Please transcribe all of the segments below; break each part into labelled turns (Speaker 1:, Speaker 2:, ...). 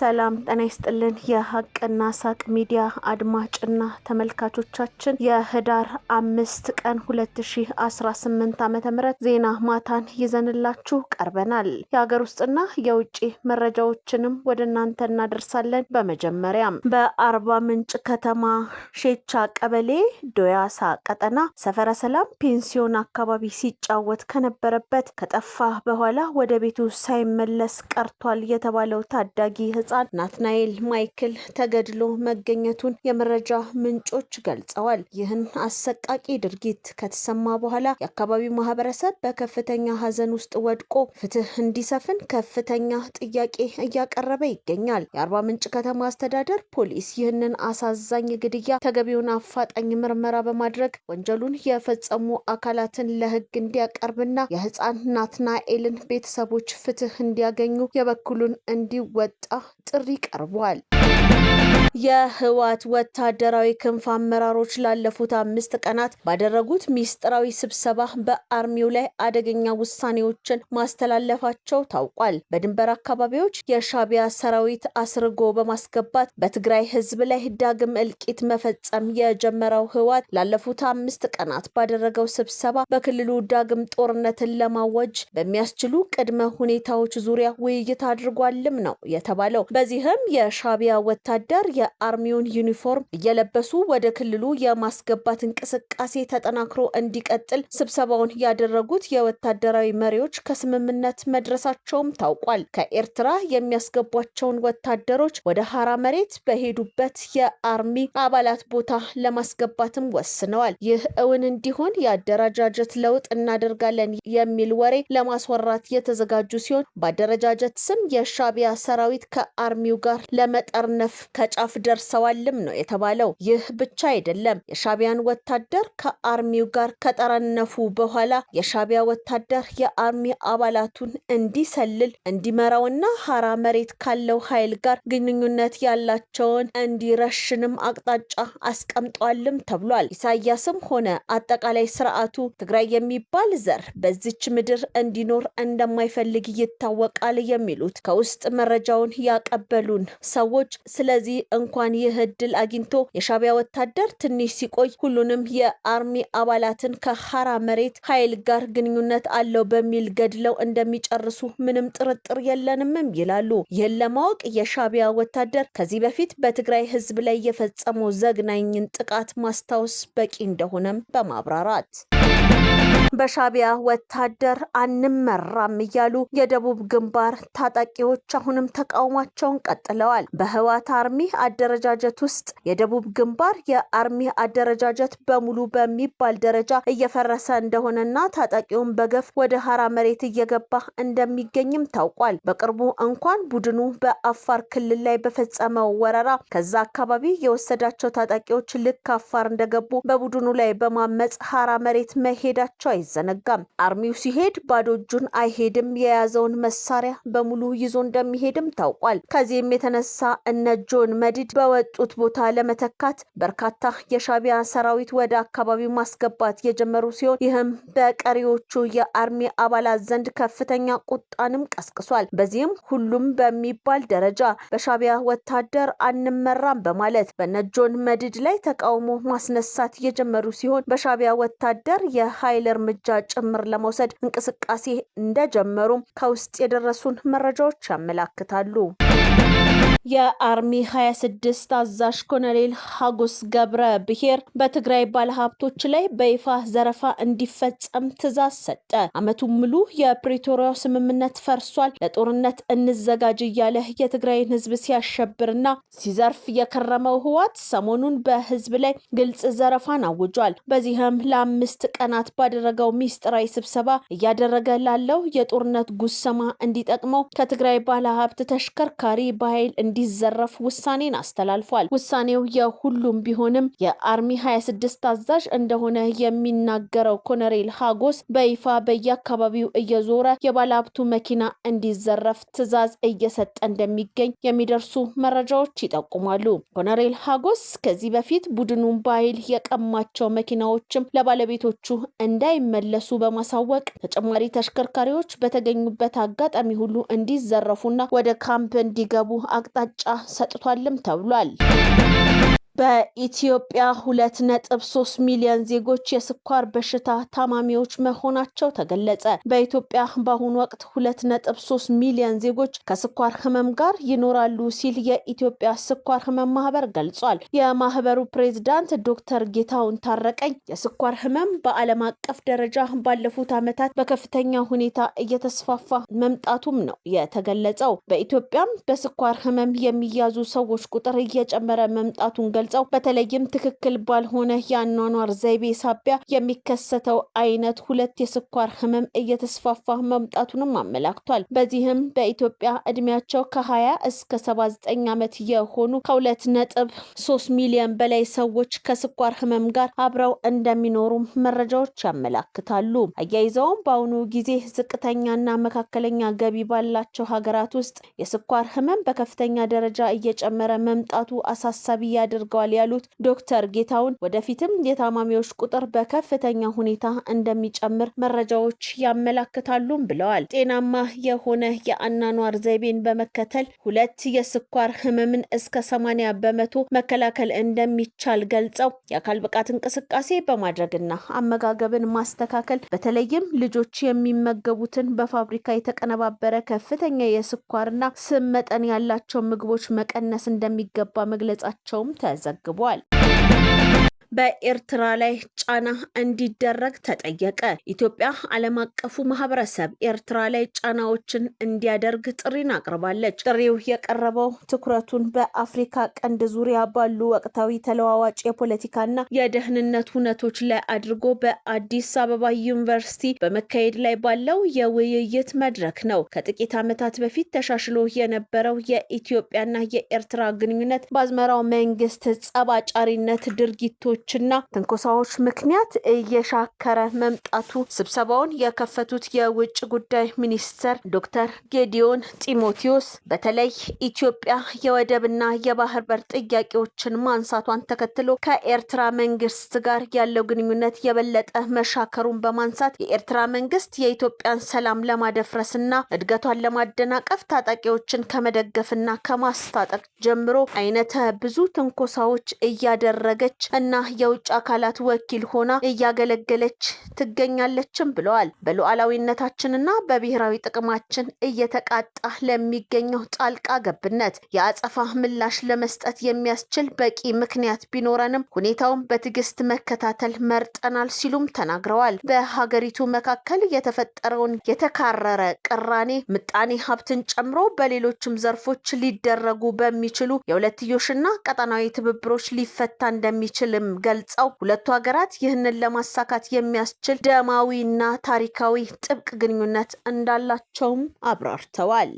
Speaker 1: ሰላም ጤና ይስጥልን። የሀቅና ሳቅ ሚዲያ አድማጭና ተመልካቾቻችን የህዳር አምስት ቀን ሁለት ሺ አስራ ስምንት ዜና ማታን ይዘንላችሁ ቀርበናል። የሀገር ውስጥና የውጭ መረጃዎችንም ወደ እናንተ እናደርሳለን። በመጀመሪያም በአርባ ምንጭ ከተማ ሼቻ ቀበሌ ዶያሳ ቀጠና ሰፈረ ሰላም ፔንሲዮን አካባቢ ሲጫወት ከነበረበት ከጠፋ በኋላ ወደ ቤቱ ሳይመለስ ቀርቷል የተባለው ታዳጊ ሕፃን ናትናኤል ማይክል ተገድሎ መገኘቱን የመረጃ ምንጮች ገልጸዋል። ይህን አሰቃቂ ድርጊት ከተሰማ በኋላ የአካባቢው ማህበረሰብ በከፍተኛ ሀዘን ውስጥ ወድቆ ፍትህ እንዲሰፍን ከፍተኛ ጥያቄ እያቀረበ ይገኛል። የአርባ ምንጭ ከተማ አስተዳደር ፖሊስ ይህንን አሳዛኝ ግድያ ተገቢውን አፋጣኝ ምርመራ በማድረግ ወንጀሉን የፈጸሙ አካላትን ለህግ እንዲያቀርብና የህፃን ናትናኤልን ቤተሰቦች ፍትህ እንዲያገኙ የበኩሉን እንዲወጣ ጥሪ ቀርቧል። የህወሓት ወታደራዊ ክንፍ አመራሮች ላለፉት አምስት ቀናት ባደረጉት ሚስጥራዊ ስብሰባ በአርሚው ላይ አደገኛ ውሳኔዎችን ማስተላለፋቸው ታውቋል። በድንበር አካባቢዎች የሻቢያ ሰራዊት አስርጎ በማስገባት በትግራይ ህዝብ ላይ ዳግም እልቂት መፈጸም የጀመረው ህወሓት ላለፉት አምስት ቀናት ባደረገው ስብሰባ በክልሉ ዳግም ጦርነትን ለማወጅ በሚያስችሉ ቅድመ ሁኔታዎች ዙሪያ ውይይት አድርጓልም ነው የተባለው። በዚህም የሻቢያ ወታደር የአርሚውን ዩኒፎርም እየለበሱ ወደ ክልሉ የማስገባት እንቅስቃሴ ተጠናክሮ እንዲቀጥል ስብሰባውን ያደረጉት የወታደራዊ መሪዎች ከስምምነት መድረሳቸውም ታውቋል። ከኤርትራ የሚያስገቧቸውን ወታደሮች ወደ ሀራ መሬት በሄዱበት የአርሚ አባላት ቦታ ለማስገባትም ወስነዋል። ይህ እውን እንዲሆን የአደረጃጀት ለውጥ እናደርጋለን የሚል ወሬ ለማስወራት የተዘጋጁ ሲሆን በአደረጃጀት ስም የሻቢያ ሰራዊት ከአርሚው ጋር ለመጠርነፍ ከጫፍ ጫፍ ደርሰዋልም ነው የተባለው። ይህ ብቻ አይደለም። የሻቢያን ወታደር ከአርሚው ጋር ከጠረነፉ በኋላ የሻቢያ ወታደር የአርሚ አባላቱን እንዲሰልል እንዲመራውና ሀራ መሬት ካለው ኃይል ጋር ግንኙነት ያላቸውን እንዲረሽንም አቅጣጫ አስቀምጧልም ተብሏል። ኢሳያስም ሆነ አጠቃላይ ስርዓቱ ትግራይ የሚባል ዘር በዚች ምድር እንዲኖር እንደማይፈልግ ይታወቃል የሚሉት ከውስጥ መረጃውን ያቀበሉን ሰዎች ስለዚህ እንኳን ይህ እድል አግኝቶ የሻቢያ ወታደር ትንሽ ሲቆይ ሁሉንም የአርሚ አባላትን ከሀራ መሬት ኃይል ጋር ግንኙነት አለው በሚል ገድለው እንደሚጨርሱ ምንም ጥርጥር የለንምም ይላሉ። ይህን ለማወቅ የሻቢያ ወታደር ከዚህ በፊት በትግራይ ህዝብ ላይ የፈጸመው ዘግናኝን ጥቃት ማስታወስ በቂ እንደሆነም በማብራራት በሻቢያ ወታደር አንመራም እያሉ የደቡብ ግንባር ታጣቂዎች አሁንም ተቃውሟቸውን ቀጥለዋል። በህዋት አርሚ አደረጃጀት ውስጥ የደቡብ ግንባር የአርሚ አደረጃጀት በሙሉ በሚባል ደረጃ እየፈረሰ እንደሆነና ታጣቂውን በገፍ ወደ ሀራ መሬት እየገባ እንደሚገኝም ታውቋል። በቅርቡ እንኳን ቡድኑ በአፋር ክልል ላይ በፈጸመው ወረራ ከዛ አካባቢ የወሰዳቸው ታጣቂዎች ልክ አፋር እንደገቡ በቡድኑ ላይ በማመፅ ሀራ መሬት መሄዳቸው አይዘ አይዘነጋም። አርሚው ሲሄድ ባዶ እጁን አይሄድም። የያዘውን መሳሪያ በሙሉ ይዞ እንደሚሄድም ታውቋል። ከዚህም የተነሳ እነ ጆን መድድ በወጡት ቦታ ለመተካት በርካታ የሻቢያ ሰራዊት ወደ አካባቢው ማስገባት የጀመሩ ሲሆን ይህም በቀሪዎቹ የአርሚ አባላት ዘንድ ከፍተኛ ቁጣንም ቀስቅሷል። በዚህም ሁሉም በሚባል ደረጃ በሻቢያ ወታደር አንመራም በማለት በነጆን መድድ ላይ ተቃውሞ ማስነሳት የጀመሩ ሲሆን በሻቢያ ወታደር የኃይል እርምጃ እርምጃ ጭምር ለመውሰድ እንቅስቃሴ እንደጀመሩ ከውስጥ የደረሱን መረጃዎች ያመላክታሉ። የአርሚ 26 አዛዥ ኮሎኔል ሀጎስ ገብረ ብሔር በትግራይ ባለሀብቶች ላይ በይፋ ዘረፋ እንዲፈጸም ትዕዛዝ ሰጠ። ዓመቱን ሙሉ የፕሪቶሪያው ስምምነት ፈርሷል፣ ለጦርነት እንዘጋጅ እያለ የትግራይን ህዝብ ሲያሸብርና ሲዘርፍ የከረመው ህወሓት ሰሞኑን በህዝብ ላይ ግልጽ ዘረፋን አውጇል። በዚህም ለአምስት ቀናት ባደረገው ሚስጥራዊ ስብሰባ እያደረገ ላለው የጦርነት ጉሰማ እንዲጠቅመው ከትግራይ ባለሀብት ተሽከርካሪ በኃይል እንዲዘረፍ ውሳኔን አስተላልፏል። ውሳኔው የሁሉም ቢሆንም የአርሚ 26 አዛዥ እንደሆነ የሚናገረው ኮነሬል ሀጎስ በይፋ በየአካባቢው እየዞረ የባለሀብቱ መኪና እንዲዘረፍ ትዕዛዝ እየሰጠ እንደሚገኝ የሚደርሱ መረጃዎች ይጠቁማሉ። ኮነሬል ሀጎስ ከዚህ በፊት ቡድኑን በኃይል የቀማቸው መኪናዎችም ለባለቤቶቹ እንዳይመለሱ በማሳወቅ ተጨማሪ ተሽከርካሪዎች በተገኙበት አጋጣሚ ሁሉ እንዲዘረፉና ወደ ካምፕ እንዲገቡ አቅጣ አቅጣጫ ሰጥቷልም ተብሏል። በኢትዮጵያ ሁለት ነጥብ ሶስት ሚሊዮን ዜጎች የስኳር በሽታ ታማሚዎች መሆናቸው ተገለጸ። በኢትዮጵያ በአሁኑ ወቅት ሁለት ነጥብ ሶስት ሚሊዮን ዜጎች ከስኳር ህመም ጋር ይኖራሉ ሲል የኢትዮጵያ ስኳር ህመም ማህበር ገልጿል። የማህበሩ ፕሬዚዳንት ዶክተር ጌታውን ታረቀኝ የስኳር ህመም በዓለም አቀፍ ደረጃ ባለፉት ዓመታት በከፍተኛ ሁኔታ እየተስፋፋ መምጣቱም ነው የተገለጸው። በኢትዮጵያም በስኳር ህመም የሚያዙ ሰዎች ቁጥር እየጨመረ መምጣቱን ገልጸው ገልጸው በተለይም ትክክል ባልሆነ የአኗኗር ዘይቤ ሳቢያ የሚከሰተው አይነት ሁለት የስኳር ህመም እየተስፋፋ መምጣቱንም አመላክቷል። በዚህም በኢትዮጵያ እድሜያቸው ከ20 እስከ 79 ዓመት የሆኑ ከሁለት ነጥብ ሶስት ሚሊዮን በላይ ሰዎች ከስኳር ህመም ጋር አብረው እንደሚኖሩ መረጃዎች ያመላክታሉ። አያይዘውም በአሁኑ ጊዜ ዝቅተኛና መካከለኛ ገቢ ባላቸው ሀገራት ውስጥ የስኳር ህመም በከፍተኛ ደረጃ እየጨመረ መምጣቱ አሳሳቢ ያደርጋል አድርገዋል ያሉት ዶክተር ጌታውን ወደፊትም የታማሚዎች ቁጥር በከፍተኛ ሁኔታ እንደሚጨምር መረጃዎች ያመላክታሉም ብለዋል። ጤናማ የሆነ የአናኗር ዘይቤን በመከተል ሁለት የስኳር ህመምን እስከ ሰማንያ በመቶ መከላከል እንደሚቻል ገልጸው የአካል ብቃት እንቅስቃሴ በማድረግና አመጋገብን ማስተካከል በተለይም ልጆች የሚመገቡትን በፋብሪካ የተቀነባበረ ከፍተኛ የስኳርና ስም መጠን ያላቸው ምግቦች መቀነስ እንደሚገባ መግለጻቸውም ተዘ ዘግቧል። በኤርትራ ላይ ጫና እንዲደረግ ተጠየቀ። ኢትዮጵያ ዓለም አቀፉ ማህበረሰብ ኤርትራ ላይ ጫናዎችን እንዲያደርግ ጥሪን አቅርባለች። ጥሪው የቀረበው ትኩረቱን በአፍሪካ ቀንድ ዙሪያ ባሉ ወቅታዊ ተለዋዋጭ የፖለቲካና የደህንነት ሁነቶች ላይ አድርጎ በአዲስ አበባ ዩኒቨርሲቲ በመካሄድ ላይ ባለው የውይይት መድረክ ነው። ከጥቂት ዓመታት በፊት ተሻሽሎ የነበረው የኢትዮጵያና የኤርትራ ግንኙነት በአዝመራው መንግስት ጸባጫሪነት ድርጊቶች ጥቃቶችና ትንኮሳዎች ምክንያት እየሻከረ መምጣቱ ስብሰባውን የከፈቱት የውጭ ጉዳይ ሚኒስተር ዶክተር ጌዲዮን ጢሞቴዎስ በተለይ ኢትዮጵያ የወደብና የባህር በር ጥያቄዎችን ማንሳቷን ተከትሎ ከኤርትራ መንግስት ጋር ያለው ግንኙነት የበለጠ መሻከሩን በማንሳት የኤርትራ መንግስት የኢትዮጵያን ሰላም ለማደፍረስና እድገቷን ለማደናቀፍ ታጣቂዎችን ከመደገፍና ከማስታጠቅ ጀምሮ አይነተ ብዙ ትንኮሳዎች እያደረገች እና የውጭ አካላት ወኪል ሆና እያገለገለች ትገኛለችም ብለዋል። በሉዓላዊነታችንና በብሔራዊ ጥቅማችን እየተቃጣ ለሚገኘው ጣልቃ ገብነት የአጸፋ ምላሽ ለመስጠት የሚያስችል በቂ ምክንያት ቢኖረንም ሁኔታውን በትዕግስት መከታተል መርጠናል ሲሉም ተናግረዋል። በሀገሪቱ መካከል የተፈጠረውን የተካረረ ቅራኔ ምጣኔ ሀብትን ጨምሮ በሌሎችም ዘርፎች ሊደረጉ በሚችሉ የሁለትዮሽና ቀጠናዊ ትብብሮች ሊፈታ እንደሚችልም ገልጸው ሁለቱ ሀገራት ይህንን ለማሳካት የሚያስችል ደማዊና ታሪካዊ ጥብቅ ግንኙነት እንዳላቸውም አብራርተዋል።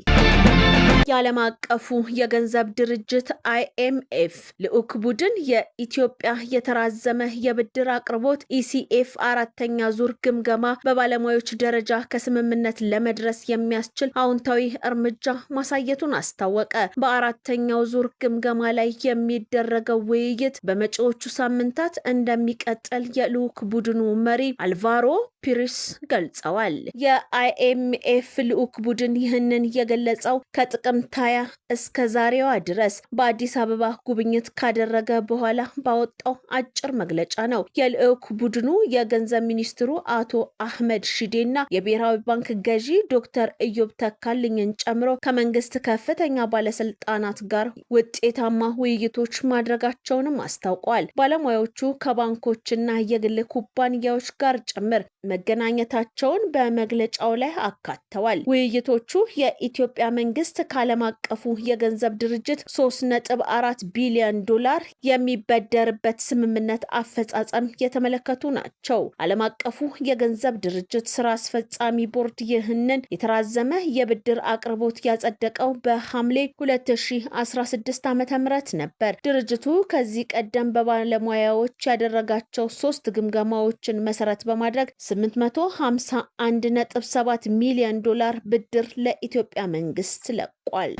Speaker 1: የዓለም አቀፉ የገንዘብ ድርጅት አይኤምኤፍ ልዑክ ቡድን የኢትዮጵያ የተራዘመ የብድር አቅርቦት ኢሲኤፍ e አራተኛ ዙር ግምገማ በባለሙያዎች ደረጃ ከስምምነት ለመድረስ የሚያስችል አዎንታዊ እርምጃ ማሳየቱን አስታወቀ። በአራተኛው ዙር ግምገማ ላይ የሚደረገው ውይይት በመጪዎቹ ሳምንታት እንደሚቀጥል የልዑክ ቡድኑ መሪ አልቫሮ ፒርስ ገልጸዋል። የአይኤምኤፍ ልዑክ ቡድን ይህንን የገለጸው ከጥቅምት ሃያ እስከ ዛሬዋ ድረስ በአዲስ አበባ ጉብኝት ካደረገ በኋላ ባወጣው አጭር መግለጫ ነው። የልዑክ ቡድኑ የገንዘብ ሚኒስትሩ አቶ አህመድ ሺዴና የብሔራዊ ባንክ ገዢ ዶክተር እዮብ ተካልኝን ጨምሮ ከመንግስት ከፍተኛ ባለስልጣናት ጋር ውጤታማ ውይይቶች ማድረጋቸውንም አስታውቋል። ባለሙያዎቹ ከባንኮችና የግል ኩባንያዎች ጋር ጭምር መገናኘታቸውን በመግለጫው ላይ አካተዋል። ውይይቶቹ የኢትዮጵያ መንግስት ከዓለም አቀፉ የገንዘብ ድርጅት 3.4 ቢሊዮን ዶላር የሚበደርበት ስምምነት አፈጻጸም የተመለከቱ ናቸው። ዓለም አቀፉ የገንዘብ ድርጅት ስራ አስፈጻሚ ቦርድ ይህንን የተራዘመ የብድር አቅርቦት ያጸደቀው በሐምሌ 2016 ዓ ም ነበር። ድርጅቱ ከዚህ ቀደም በባለሙያዎች ያደረጋቸው ሶስት ግምገማዎችን መሰረት በማድረግ 851.7 ሚሊዮን ዶላር ብድር ለኢትዮጵያ መንግስት ለቋል።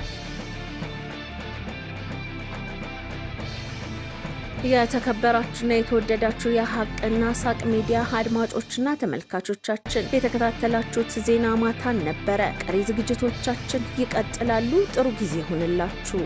Speaker 1: የተከበራችሁና የተወደዳችሁ የሀቅና ሳቅ ሚዲያ አድማጮችና ተመልካቾቻችን የተከታተላችሁት ዜና ማታን ነበረ። ቀሪ ዝግጅቶቻችን ይቀጥላሉ። ጥሩ ጊዜ ይሁንላችሁ።